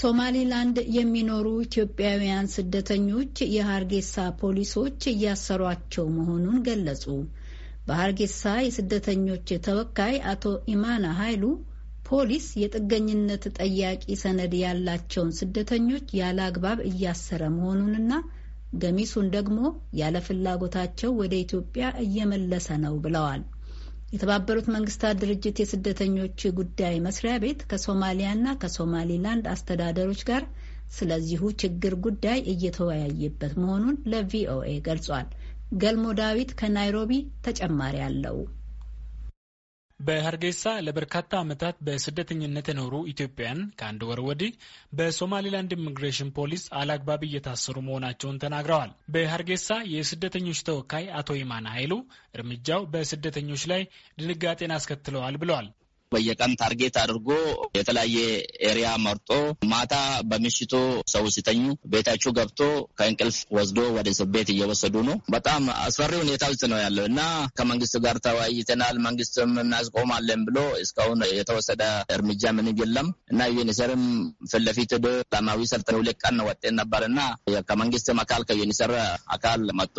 ሶማሊላንድ የሚኖሩ ኢትዮጵያውያን ስደተኞች የሀርጌሳ ፖሊሶች እያሰሯቸው መሆኑን ገለጹ። በሀርጌሳ የስደተኞች ተወካይ አቶ ኢማና ኃይሉ ፖሊስ የጥገኝነት ጠያቂ ሰነድ ያላቸውን ስደተኞች ያለ አግባብ እያሰረ መሆኑንና ገሚሱን ደግሞ ያለ ፍላጎታቸው ወደ ኢትዮጵያ እየመለሰ ነው ብለዋል። የተባበሩት መንግስታት ድርጅት የስደተኞች ጉዳይ መስሪያ ቤት ከሶማሊያና ከሶማሊላንድ አስተዳደሮች ጋር ስለዚሁ ችግር ጉዳይ እየተወያየበት መሆኑን ለቪኦኤ ገልጿል። ገልሞ ዳዊት ከናይሮቢ ተጨማሪ አለው። በሀርጌሳ ለበርካታ ዓመታት በስደተኝነት የኖሩ ኢትዮጵያን ከአንድ ወር ወዲህ በሶማሌላንድ ኢሚግሬሽን ፖሊስ አላግባብ እየታሰሩ መሆናቸውን ተናግረዋል። በሀርጌሳ የስደተኞች ተወካይ አቶ ይማና ኃይሉ እርምጃው በስደተኞች ላይ ድንጋጤን አስከትለዋል ብለዋል። በየቀን ታርጌት አድርጎ የተለያየ ኤሪያ መርጦ ማታ በምሽቶ ሰው ሲተኙ ቤታችሁ ገብቶ ከእንቅልፍ ወስዶ ወደ እስር ቤት እየወሰዱ ነው። በጣም አስፈሪ ሁኔታ ውስጥ ነው ያለው እና ከመንግስት ጋር ተወያይተናል። መንግስትም እናስቆማለን ብሎ እስካሁን የተወሰደ እርምጃ ምንም የለም እና ዩኒሰርም ፊት ለፊት ዶ ሰላማዊ ሰልጥን ሁለት ቀን ወጤን ነበር እና ከመንግስት አካል ከዩኒሰር አካል መጥቶ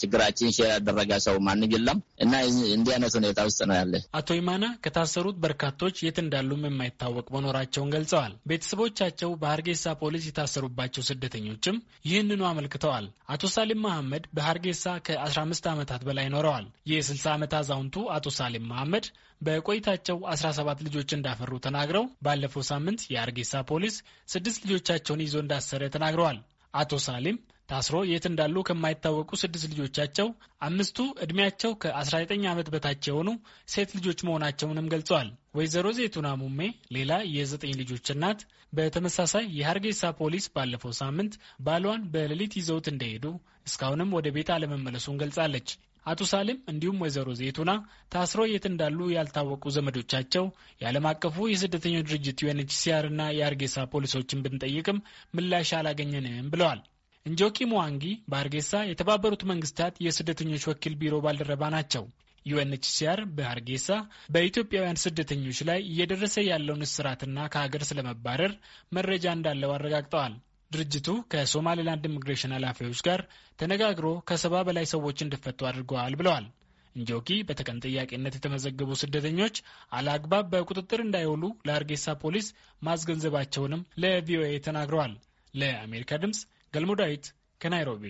ችግራችን ያደረገ ሰው ማንም የለም እና እንዲህ አይነት ሁኔታ ውስጥ ነው ያለ አቶ ይማና ከታሰሩት በርካቶች የት እንዳሉም የማይታወቅ መኖራቸውን ገልጸዋል። ቤተሰቦቻቸው በሀርጌሳ ፖሊስ የታሰሩባቸው ስደተኞችም ይህንኑ አመልክተዋል። አቶ ሳሊም መሐመድ በሀርጌሳ ከ15 ዓመታት በላይ ኖረዋል። የ60 ዓመት አዛውንቱ አቶ ሳሊም መሐመድ በቆይታቸው 17 ልጆች እንዳፈሩ ተናግረው ባለፈው ሳምንት የሀርጌሳ ፖሊስ ስድስት ልጆቻቸውን ይዞ እንዳሰረ ተናግረዋል። አቶ ሳሊም ታስሮ የት እንዳሉ ከማይታወቁ ስድስት ልጆቻቸው አምስቱ ዕድሜያቸው ከ19 ዓመት በታች የሆኑ ሴት ልጆች መሆናቸውንም ገልጸዋል። ወይዘሮ ዜቱና ሙሜ ሌላ የዘጠኝ ልጆች እናት በተመሳሳይ የሀርጌሳ ፖሊስ ባለፈው ሳምንት ባሏን በሌሊት ይዘውት እንደሄዱ እስካሁንም ወደ ቤት አለመመለሱን ገልጻለች። አቶ ሳሌም እንዲሁም ወይዘሮ ዜቱና ታስሮ የት እንዳሉ ያልታወቁ ዘመዶቻቸው የዓለም አቀፉ የስደተኞች ድርጅት ዩኤንኤችሲአር እና የአርጌሳ ፖሊሶችን ብንጠይቅም ምላሽ አላገኘንም ብለዋል። እንጆኪ ሙዋንጊ በአርጌሳ የተባበሩት መንግስታት የስደተኞች ወኪል ቢሮ ባልደረባ ናቸው። ዩኤንኤችሲአር በአርጌሳ በኢትዮጵያውያን ስደተኞች ላይ እየደረሰ ያለውን እስራትና ከሀገር ስለመባረር መረጃ እንዳለው አረጋግጠዋል። ድርጅቱ ከሶማሌላንድ ኢሚግሬሽን ኃላፊዎች ጋር ተነጋግሮ ከሰባ በላይ ሰዎች እንዲፈቱ አድርገዋል ብለዋል። እንጆኪ በተቀን ጥያቄነት የተመዘገቡ ስደተኞች አለአግባብ በቁጥጥር እንዳይውሉ ለአርጌሳ ፖሊስ ማስገንዘባቸውንም ለቪኦኤ ተናግረዋል። ለአሜሪካ ድምፅ ገልሞ ዳዊት ከናይሮቢ